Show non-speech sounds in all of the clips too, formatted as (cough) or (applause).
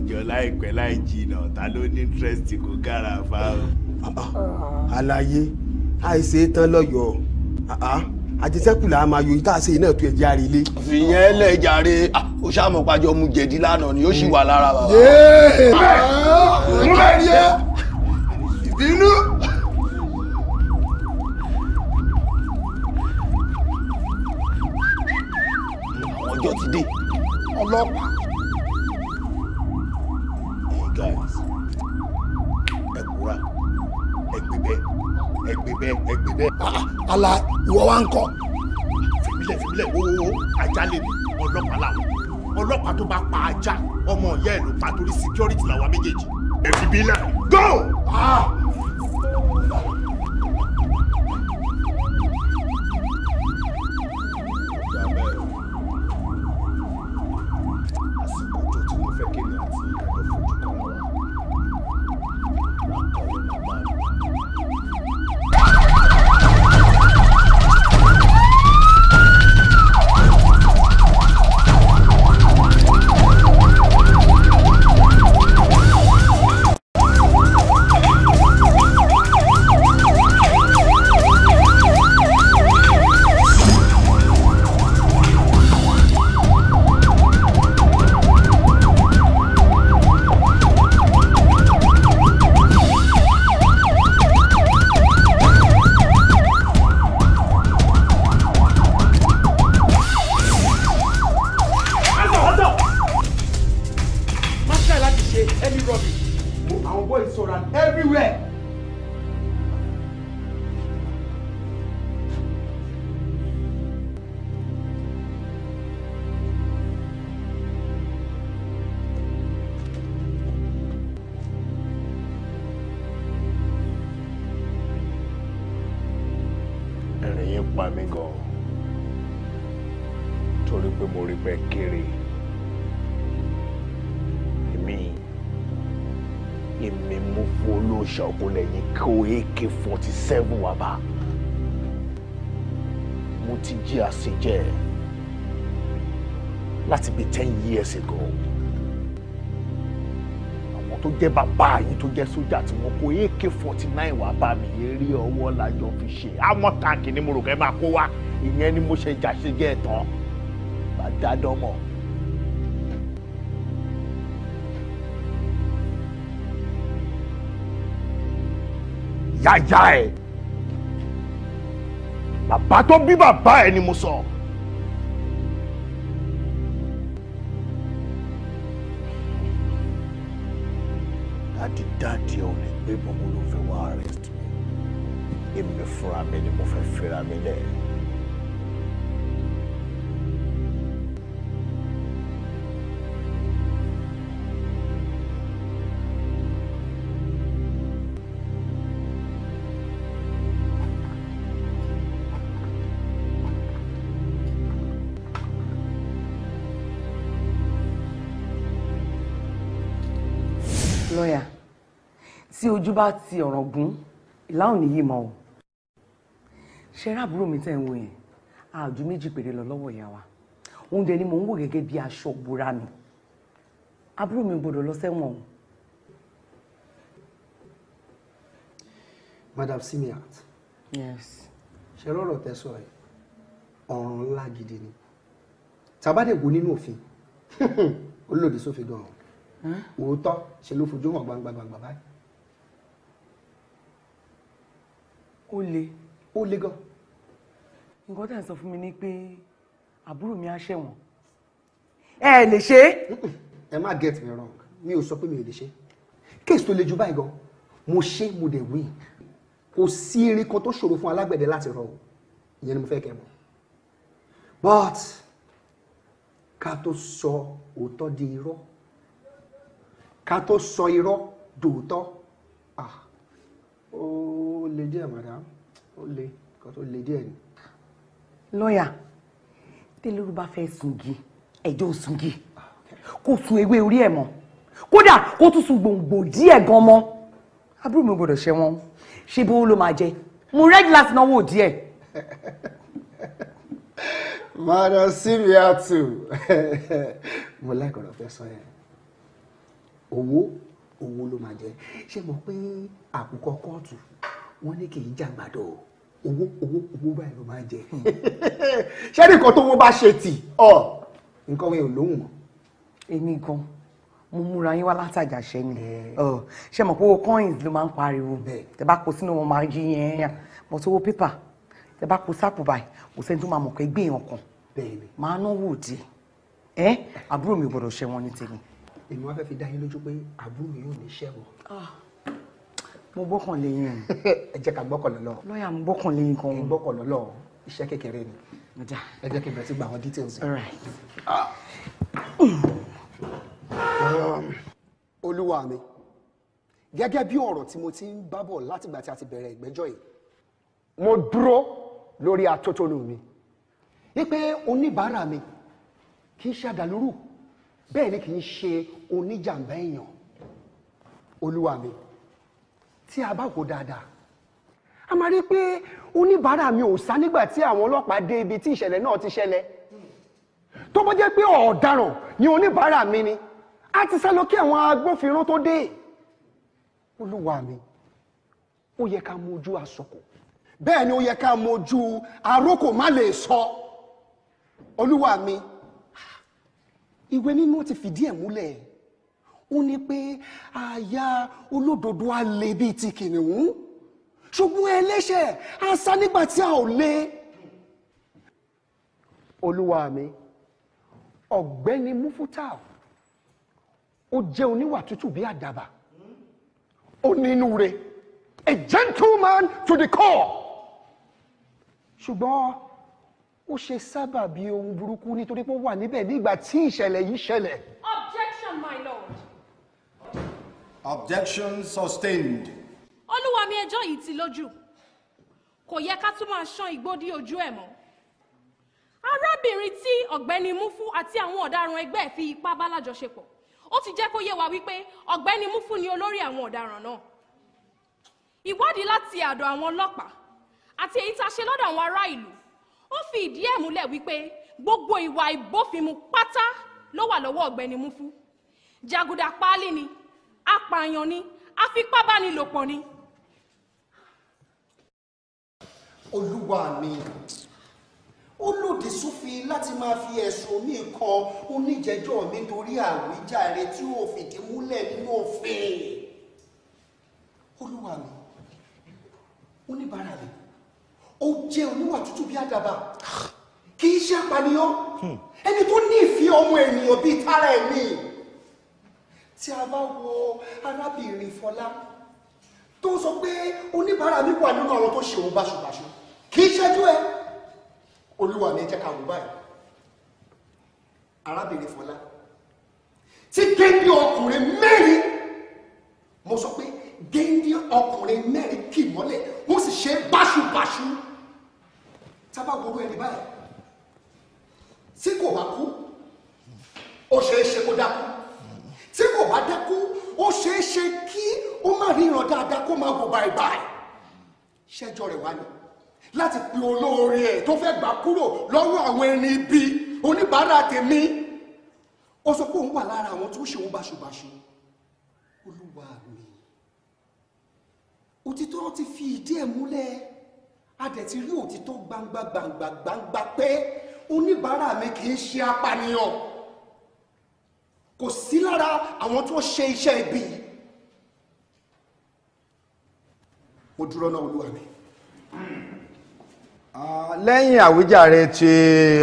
ìjọ láìpẹ́ láì jìnnà ta ló ní interest kò kára fa ah. o. àlàyé àìsè tán lọ́yọ̀ọ́ ah, ah. àjẹsẹ́kù là á máa yọ ìta àṣẹ iná tó ẹ̀jẹ̀ àrí ilé. fìyẹn ẹlẹ́jàre òṣàmùpájọ mu jẹ̀dí lánàá ni ó sì wà lára wa. múlẹ̀ ni ẹ ìbínú. ọjọ́ ti dé. ọlọ́pàá guys ẹ kúra ẹ gbé bẹ ẹ gbé ala ah, ah, ìwọ wa ń kọ. fìbílẹ̀ fìbílẹ̀ wọ́wọ́wọ́ ajá lè ní ọlọ́pàá làwọn ọlọ́pàá tó bá pa ajá ọmọ ìyá ẹ̀ ló pa torí security làwọn méjèèjì. ẹ fi bí náà go. Ah. àsìkò tó tí mo fẹ́ kéde àti ìyàwó. pa mí gan torí pé mo rí pé kéré èmi èmi mú fún olóòṣà òkúlẹ̀ yìí kó ak forty seven wà bá mo ti jí àṣejẹ láti bí ten years ago tó jẹ́ bàbá yìí tó jẹ́ sójà tí mo kó ak forty nine wá bá mi eré ọwọ́ lájọ fi ṣe àmọ́ táǹkì ni mo rò kẹ́ máa kó wá ìyẹn ni mo ṣe jà ṣe jẹ́ ẹ̀tàn bá dá dánmọ̀. yáyá ẹ bàbá tó bí bàbá ẹ ni mo sọ. So. dáàdì ẹ̀ ò lè gbé bọ́mọ ló fẹ́ wá arrest me. èmi fúnra mi ni mo fẹ́ fẹ́ra tójú bá ti ọ̀ràn gún ìlà òní yìí mọ́ o ṣe rábúrò mi tẹ̀ ń wò yẹn àjù méjì péré lọ lọ́wọ́ ìyá wa oúnjẹ ni mò ń wò gẹ́gẹ́ bí aṣọ bora mi àbúrò mi gbọ́dọ̀ lọ sẹ́wọ̀n o. madam simiat. yes. ṣe lọ́rọ̀ tẹ ẹ̀ ọ̀ràn ńlá gidi ni tàbádẹ̀ wo nínú òfin (laughs) ó lòdì sófin gan-an òótọ́ ṣe ló fojú hàn gbangba gbangba báyìí ó le ó le gan. nǹkan tẹ̀ ń sọ fún mi ni pé àbúrò mi á ṣẹ̀wọ̀n ẹ lè ṣe ẹ má get me wrong mi ò sọ pé mi ò lè ṣe kéèsì tó le jù báyìí gan mo ṣe mo dẹ̀ wí kò sí irin kan tó ṣòro fún alágbẹ̀dẹ láti rọ o ìyẹn ni mo fẹ́ kẹ́ mọ̀ but ká tó sọ òótọ́ di irọ́ ká tó sọ irọ́ dòótọ́ ah ó le díẹ̀ madam ó le nǹkan tó le díẹ̀ ni. lọ́ọ̀yà tẹ́lẹ̀rú bá fẹ́ sungi ẹjọ́ ò sungi ah, kó sun ewé orí ẹ̀ mọ́ kódà kó tún sun gbòǹgbò díẹ̀ gan mọ́ àbúrò mi ò gbọ́dọ̀ ṣe wọn ṣé bó ló máa jẹ mo rẹ́dí láti náwó díẹ̀. (laughs) madam Simiatu (laughs) mo láìkọ̀rọ̀ fẹ́ sọ yẹn owó owó ló máa jẹ ṣé mọ̀ pé àkùkọ kóòtù wọ́n ní kì í jàgbàdo owó owó owó báyìí ló máa jẹ (laughs) ṣé nìkan tó wọ́n bá ṣe tì ọ nǹkan wọn ò lóhùn mọ́. èmi gan mo múra yín wá látàjà ṣẹ́ ni ṣé mọ̀ pé owó coins ló máa ń pariwo tẹ bá kó sínú wọn máa jí yẹn yẹn mọ̀ tó owó pépà tẹ bá kó sápò báyìí kò sẹ́ni tó máa mọ̀ pé gbìyànjú kan máa náwó òde ẹ àbúrò mi gbọ́dọ̀ ṣẹ́ wọn ní tèmi èmi wá fẹ́ fi dá yín lójú pé àbúrò yóò ní iṣẹ́ wọ. Ah. mo gbọ́kàn lé yín. (laughs) ẹ jẹ́ ká gbọ́kàn lọ́lọ́. lọ́ọ̀yà mo gbọ́kàn lé yín kan. ẹ gbọ́kàn lọ́lọ́ iṣẹ́ kékeré ni. ẹ jẹ́ kí n bẹ̀rẹ̀ sí gba àwọn details. Ah. Um, olúwa mi gẹ́gẹ́ bí ọ̀rọ̀ tí mo ti ń bá bọ̀ látìgbà tí a ti bẹ̀rẹ̀ ìgbẹ́jọ́ yìí mo dúró lórí atótónu mi wípé oníbàárà mi kì í ṣàdàlúrù bẹ́ẹ̀ ni kì í ṣe oníjàmbá èèyàn olúwa mi tí a bá wò dáadáa a máa rí pé oníbàárà mi ò sá nígbà tí àwọn ọlọ́pàá dé ibi tí ìṣẹ̀lẹ̀ náà ti ṣẹlẹ̀ tó bá jẹ́ pé ọ̀daràn ni oníbàárà mi ni a ti sá lọ kí àwọn agbófinró tó dé olúwa mi ó yẹ ká mójú àsọkò bẹ́ẹ̀ ni ó yẹ ká mójú àrókò má lè sọ olúwa mi ìwé mímọ́ ti fìdí ẹ̀ múlẹ̀ ó ní pé àyà olódodo á le bíi ti kìnìún ṣùgbọ́n ẹlẹ́ṣẹ̀ á sá nígbà tí a ò le. olúwa mi ọ̀gbẹ́ni mufutau ó jẹ́ oníwà tútù bí àdàbà ó nínú rẹ̀ a gentleman to the core ṣùgbọ́n ó ṣe sábàbí ohun burúkú nítorí pé ó wà níbẹ̀ nígbà tí ìṣẹ̀lẹ̀ yìí ṣẹlẹ̀. objection my lord. objection sustained. olúwa mi ẹjọ́ yìí ti lójú kò yẹ ká tún máa ṣán igbó ojú ẹ̀ mọ́ arábìnrin tí ọ̀gbẹ́ni mufu àti àwọn ọ̀daràn ẹgbẹ́ fi ipá bá lájọṣepọ̀ ó ti jẹ́ kó yé wa wípé ọ̀gbẹ́ni mufu ni olórí àwọn ọ̀daràn náà ìwádìí láti àdọ̀ àwọn ọlọ́pàá àti èyí tá a ṣe lọ́dọ̀ àwọn ará ìlú ó fi ìdí ẹ̀ múlẹ̀ wípé gbogbo ìwà ìbófinmu pátá ló wà lọ́wọ́ ọ̀gbẹ́ni Múfú jàgùdà páálí ni apààyàn ni afipábánilòpọ̀ ni. olúwa mi ó lòdì sófin láti máa fi ẹ̀sùn mi kan oníjẹ́jọ́ mi torí àwíjàre tí ó fìdí múlẹ̀ nínú òfin olúwa mi oníbàárà mi ó jẹ́ oníwà tútù bí àdàbà kì í ṣe apànìyàn ẹni tó ní ìfẹ́ ọmọ ènìyàn bíi tara ẹ̀mí tí a bá wo arábìnrin Fọlá tó sọ pé oníbàárà mi wà nínú àwọn tó ṣe òun báṣubàṣu kì í ṣẹ́jú ẹ olúwa mi jẹ́ ká wò báyìí arábìnrin Fọlá tí géńdé ọkùnrin mẹ́rin mo sọ pé géńdé ọkùnrin mẹ́rin kì mọ́lẹ̀ wọ́n sì ṣe báṣubàṣu tábà gbogbo ẹni báyìí tí kò bá kú ó ṣeé ṣe kó dákú tí kò bá dákú ó ṣeé ṣe kí ó má ríran dáadáa kó má wò báyìí báyìí ṣẹjọ rẹ wá ni láti pe olóore ẹ tó fẹ́ gbà kúrò lọ́wọ́ àwọn ẹni ibi oníbàárà tèmi ó sọ pé òun wà lára àwọn tó ṣe òun báṣubàṣu olúwa mi òtítọ́ ti fi ìdí ẹ̀ múlẹ̀ a dẹ̀ ti rí òtítọ́ gbangba gbangba gbangba pé oníbàárà mi kì í ṣe apànìyàn kò sí lára àwọn tó ṣe iṣẹ́ ibi mo dúró náà olúwa mi. lẹ́yìn àwíjàre tí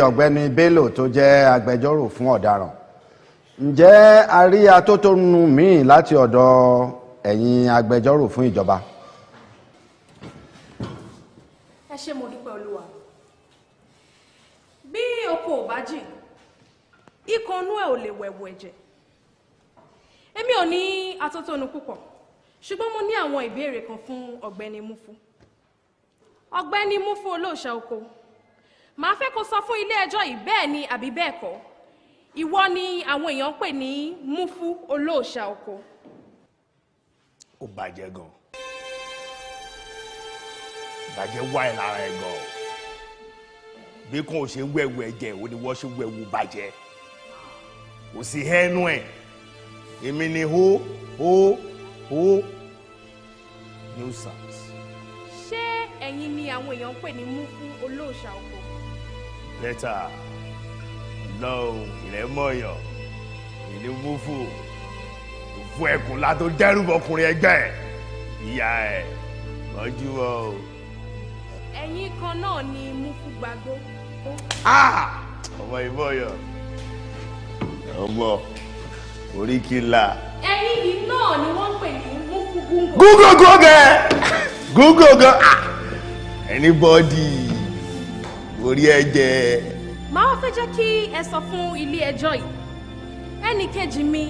ọ̀gbẹ́ni Bello tó jẹ́ agbẹjọ́rò fún ọ̀daràn ǹjẹ́ a rí atótónu míì láti ọ̀dọ̀ ẹ̀yin agbẹjọ́rò fún ìjọba. E ẹ ṣé mo dúpẹ́ olúwa bí oko ò bá jìn ikọ̀ inú ẹ̀ ò lè wẹ̀wù ẹ̀jẹ̀ èmi ò ní atótónu púpọ̀ ṣùgbọ́n mo ní àwọn ìbéèrè kan fún ọ̀gbẹ́ni Mufu ọ̀gbẹ́ni Mufu olóòṣà oko màá fẹ́ kó sọ fún ilé ẹjọ́ yìí bẹ́ẹ̀ ni àbí bẹ́ẹ̀ kọ́ ìwọ ni àwọn èèyàn ń pè ní Mufu olóòṣà oko. ó bàjẹ́ gan-an ìbàjẹ́ wá ẹ̀ lára ẹ̀ gan o bí kò ṣe wẹ̀wù ẹ̀jẹ̀ ò ní wọ́n ṣe wẹ̀wù bàjẹ́ kò sí ẹnu ẹ̀ èmi ni hó hó hó new south. ṣé ẹ̀yin ni àwọn èèyàn ń pè ní mú fún olóòṣà ọkọ̀. bẹ́tà lọ́ọ̀ ìrẹ́mọ̀yàn ìní mú fún òfu ẹ̀kúnlá tó dẹ́rù bọkùnrin ẹgbẹ́ ìyá ẹ̀ mọ́jú wọn o ẹ̀yìn kan náà ni Mufugbagbo. Ah! ọmọ ìbò yọ ọmọ oríkìlà. ẹ̀yìn yìí náà ni wọ́n pè ní Mufugungo. gúgógó gẹ gúgógó anybody orí ẹ jẹ. màá fẹ́ jẹ́ kí ẹ sọ fún ilé ẹjọ́ yìí ẹnì kejì mi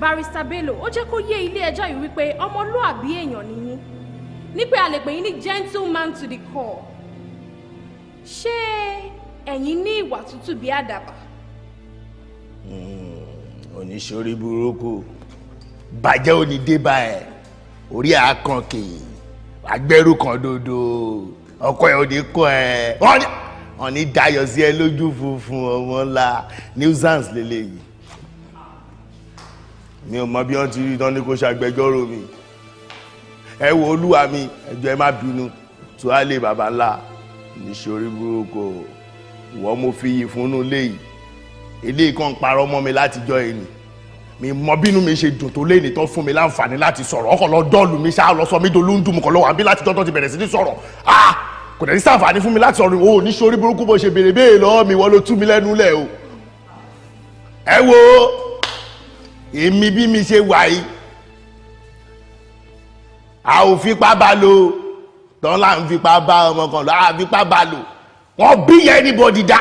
barista Bello ó jẹ́ kó yé ilé ẹjọ́ yìí wípé ọmọlúàbí èèyàn ni ní pé a lè pè yín ní gentleman to the core ṣé ẹ̀yin ní ìwà tútù bí àdàbà. oníṣòrí hmm, burúkú bàjẹ́ òní dé bá ẹ̀ orí àákànkè agbẹ́rù kan dodo ọkọ ẹ̀ òní kọ ẹ̀ wọ́n ní dayọ̀ sí ẹ lójú funfun ọmọ ńlá nuisance lélẹ́yìí mi ò mọ bí wọ́n ti rí tán ní kó ṣàgbẹjọ́rò mi ẹ wo olúwa mi ẹjọ ẹ má bínú tó á lè bàbá ńlá níṣorí burúkú wọ́n mo fi yìí fún un léyìí eléyìí kan parọ́ mọ́ mi látijọ́ yìí ni mi mọ bínú mi ṣe dùn tó léyìn tó fún mi láǹfààní láti sọ̀rọ̀ ọkọ̀ lọ dọ́ọ̀lù mi ṣáà lọ sọ mí dùn mú kọ́ lọ́wọ́ àbí látijọ́ tó ti bẹ̀rẹ̀ sí ní sọ̀rọ̀ ah kò dẹ̀ ní sàǹfààní fún mi láti sọ̀rọ̀ o níṣorí burúkú bó ṣe béèrè béèrè lọ́wọ́ mi wọ́n ló tú mi lẹ́nu lẹ̀ o ẹ wo èmi bí mi ṣe wà yìí a ò fipá bá lò tán là ń fipá bá ọmọ kan lọ a fipá bá lò wọ́n bí yẹn anybody dá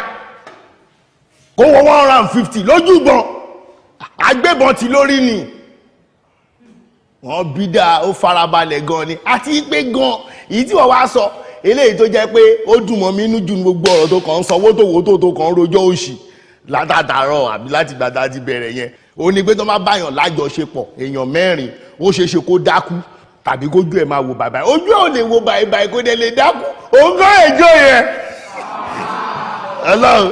kó wọ one hundred and fifty lójúbọn agbébọn ti lórí ni wọ́n bí dá ó farabalẹ̀ gan ni àti pé gan èyí tí wọ́n wá sọ eléyìí tó jẹ́ pé ó dùn mọ́ mi inú jù ní gbogbo ọ̀rọ̀ tó kàn ń sanwó tó wò tó tó kàn ń rojọ́ òṣì látàtàárọ̀ àbí láti gbàdá ti bẹ̀rẹ̀ yẹn ó ní pé tó má báyàn lájọṣepọ̀ èèyàn mẹ́rin ó ṣeé ṣe kó dákú tàbí kójú ẹ̀ máa wo bàbá yìí ojú ẹ̀ ò lè wo bàbá yìí kó dẹ̀ lè dákú òun kọ́ ẹjọ́ yẹn ọlọ́run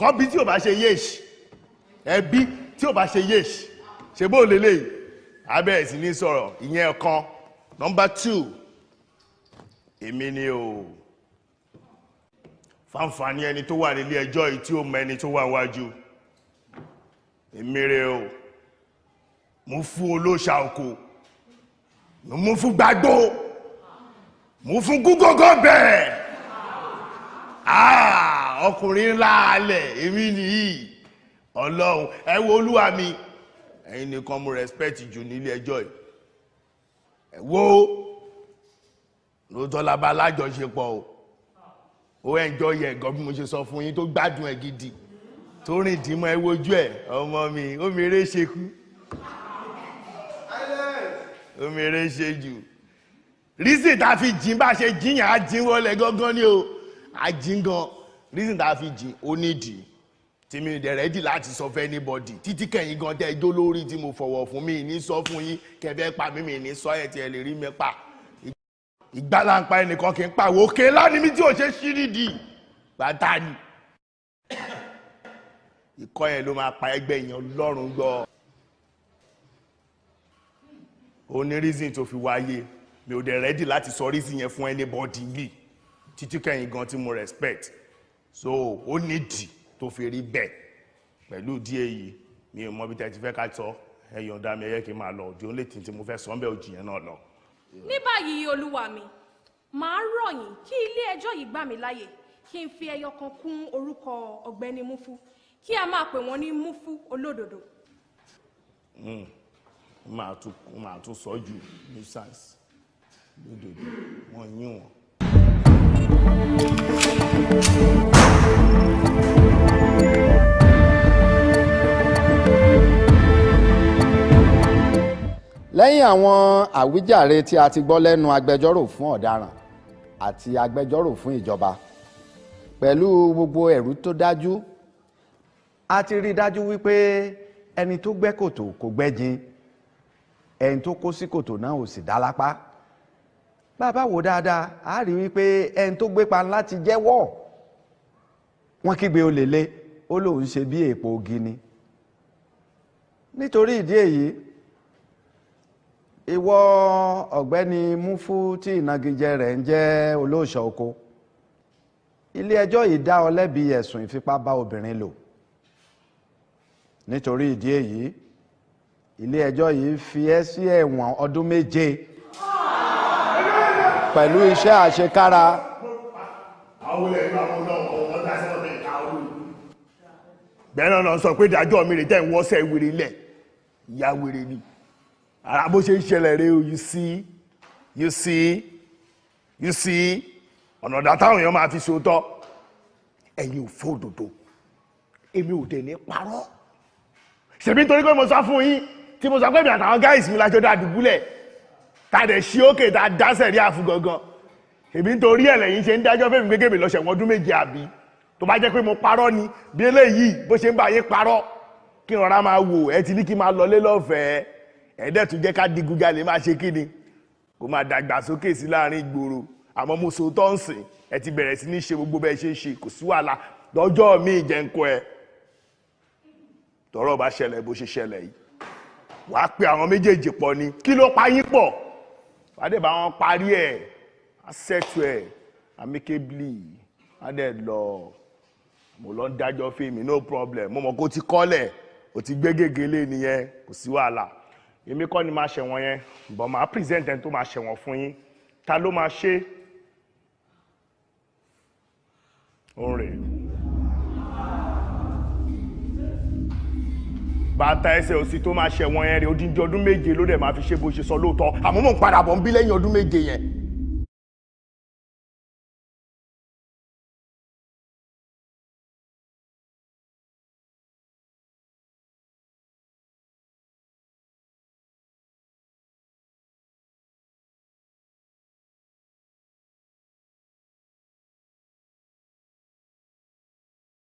kọ́bí tí o bá ṣe yéèṣì ẹbí tí o bá ṣe yéèṣì ṣe bó lélẹ̀ yìí abẹ́rẹ́ sí ní sọ̀rọ̀ ìyẹn kan nọ́mbà two èmi ni o fáǹfààní ẹni tó wà nílé ẹjọ́ yìí tí ó mọ ẹni tó wà wájú èmi rè o mo fún olóṣà oko mo fún gbàgbó mo fún gúgógó bẹ́ẹ̀ ah, ọkùnrin ńlá alẹ̀ èmi nìyí ọlọ́run ẹ wo olúwa mi ẹ̀yin nìkan mo respect jù nílé ẹjọ́ yìí ẹ wo lóòótọ́ la bá lájọṣepọ̀ o ó ẹ̀jọ́ yẹ ẹ̀gọ́ bí mo ṣe sọ fún yín tó gbádùn ẹ̀ gidi tó rìn dìímọ̀ ẹ wojú ẹ̀ ọmọ mi ó mi eré ṣekú omi eré ṣe jù reason tá fi jìn bá ṣe jìn yàn á jìn wọlé gángan ni o á jìn gan reason tá fi jìn ó nídìí tí mi rẹ́dì láti sọ fún anybody títí kẹ̀yìn gan tẹ́ ijó lórí tí mo fọwọ́ fún mi ní sọ fún yín kẹfẹ́ pa mí mi ní sọ ẹ̀ tí ẹ lè rí mi pa ìgbàláǹpa ẹnìkan kì í pàwọ́ òkè lánìí mi tí ò ṣe ṣí nídìí gbàtà ni ìkọ́ yẹn ló máa pa ẹgbẹ́ èèyàn lọ́rùn gbọ́ ó ní reason tó fi wáyé mi ò dẹ̀ ready láti sọ reason yẹn fún anybody yìí títí kẹ́yìn gan tí mo respect so ó nídìí tó fi rí bẹ́ẹ̀ pẹ̀lú díẹ̀ yìí mi ò mọ bí tẹ́tí fẹ́ ká sọ ẹ yọ̀ǹda mi ẹ yẹ kí máa lọ òdi only thing tí mo fẹ́ sọ ń bẹ́ẹ̀ òjì yẹn náà lọ. ní báyìí olúwa mi màá rọ̀ yín kí ilé ẹjọ́ yìí gbà mí láàyè kí n fi ẹyọ kan kún orúkọ ọ̀gbẹ́ni mufu kí a máa pè wọ́n ní mufu olódodo. Hmm máa tún máa tún sọ jù nuisance lódodo wọn yín wọn. lẹ́yìn àwọn àwíjàre tí a ti gbọ́ lẹ́nu agbẹjọ́rò fún ọ̀daràn àti agbẹjọ́rò fún ìjọba pẹ̀lú gbogbo ẹ̀rú tó dájú a ti rí i dájú wípé ẹni tó gbẹ́ kòtò kò gbẹ́jìn ẹni tó kó sí kòtò náà ò sì dá lápá bàbá wò dáadáa a rí wípé ẹni tó gbé pa láti jẹ́wọ́ wọ́n kígbe olè lé ó lóun ṣe bí èèpo ogi ni nítorí ìdí èyí ìwọ ọ̀gbẹ́ni Múfú tí ìnagijẹ rẹ̀ ń jẹ́ olóòṣà oko ilé ẹjọ́ yìí dá ọ lẹ́bi ẹ̀sùn ìfipá bá obìnrin lò nítorí ìdí èyí ilé ẹjọ́ yìí fi ẹ́ sí ẹ̀wọ̀n ọdún méje pẹ̀lú iṣẹ́ àṣekára. bẹ́ẹ̀ náà lọ sọ pé ìdájọ́ mi rè tẹ́ ń wọ́sẹ̀ wèrè lẹ̀ ìyá wèrè ni ara bó ṣe ń ṣẹlẹ̀ rẹ o you see you see you see ọ̀nà ọ̀dà táwọn èèyàn máa fi ṣòótọ́ ẹ̀yin ò fọ́ òdòdó èmi ò dẹ̀ ní parọ́ ṣèbí nítorí pé mo sá fún yín tí mo sọ pé mi àtàwọn guys mi lájọ dá dùbúlẹ̀ ta dẹ̀ ṣí òkè ta dáṣẹ̀ rí àfún gangan èmi nítorí ẹ̀ lẹ́yìn ṣe ń dájọ́ fẹ́mi gbégé mi lọ́sẹ̀ wọn ọdún méje àbí tó bá jẹ́ pé mo parọ́ ni bí eléyìí bó ṣe ń bá yé parọ́ kí n rọra máa wò ẹ ti ní kí n máa lọlé lọ́fẹ̀ẹ́ ẹ̀ẹ́dẹ̀ tún jẹ́ ká digunjalè máa ṣe kí ni kó máa dàgbàsókè sí láàrin ìgboro àmọ́ mo so tó ń sìn ẹ ti bẹ̀rẹ̀ sí ní ṣe gbogbo bẹ́ẹ̀ ṣe ń ṣe kò sí wàhálà lọ́jọ́ mi ìjẹ́ńkọ́ ẹ tọ́rọ̀ bá ṣẹlẹ̀ bó ṣe ṣẹlẹ̀ yìí wàá pe àwọn méjèèjì pọ̀ ni kí ló pa yín pọ̀ wàdé bá wọn parí ẹ̀ asẹ́tù ẹ̀ amíkébìlì adé lọ mo lọ ń dájọ́ fíìmù no problem mo mọ̀ kó ti kọ́lẹ̀ ó ti gbé gègélé nìyẹn kò sí wàhálà èmi kọ́ ni máa ṣẹ̀wọ̀n yẹn but máa present ẹni tó máa ṣẹ̀wọ̀n fún yín ta ló máa ṣe. All right. bàtà ẹsẹ̀ òsì tó máa ṣẹ̀wọ̀n ẹ̀rìn odindi ọdún méje ló dẹ̀ máa fi ṣe bó ṣe sọ lóòótọ́ àmọ́ mò ń padà bọ̀ ń bí lẹ́yìn ọdún méje yẹn